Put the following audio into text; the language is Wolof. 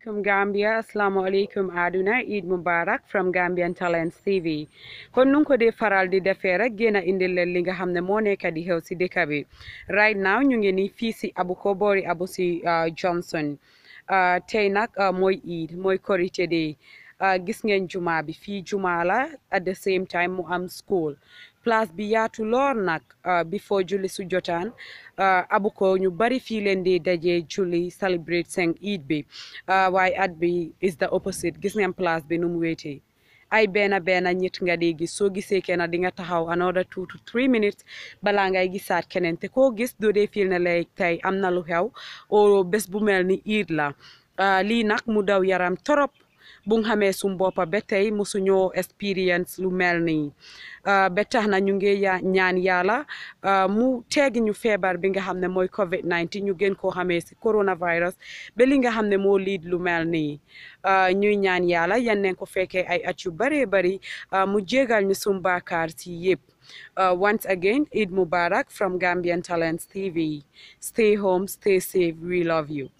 Assalamualaikum Gambia, Assalamualaikum Aduna, Eid Mubarak from Gambian Talents TV. Kon nun ko de faral di defee rek génn indil leen li nga xam ne moo nekk di xew si dëkk bi right now ñu ngi ni fii si Abuko boori Abusi uh, Johnson uh, tey nag uh, mooy Eid mooy Korité Day Ah, gis ngeen jumaa bi fii jumaa la at the same time mu am school place bi yaatu lool nag ah, before julli su jotaan ah, abuko ñu bari fii leen di dajee julli celebrate seen Eid bi waaye at bi is the opposite gis ngeen place bi nu mu wéetee ay benn benn ñit nga di gis soo gisee kenn di nga taxaw another two to three minutes balaa ngay gisaat keneen te ko gis doo dee fil ne lay tey am na lu xew o bés bu mel ni Eid la lii nag mu daw yaram torop bu nga xamee suñ boppa ba tey mosuñoo expérience lu mel nii euh, ba na ñu ngi ñaan yàlla euh, mu teegi ñu feebar bi nga xam ne mooy covid 19 ñu gën koo xamee si coronavirus ba li nga xam ne moo liid lu mel nii euh, ñuy ñaan yàlla yan nañ ko fekkee ay at yu bëree bëri mu jégal ñu suñ baakaar si yëpp Uh, once again, Eid Mubarak from Gambian Talents TV. Stay home, stay safe. We love you.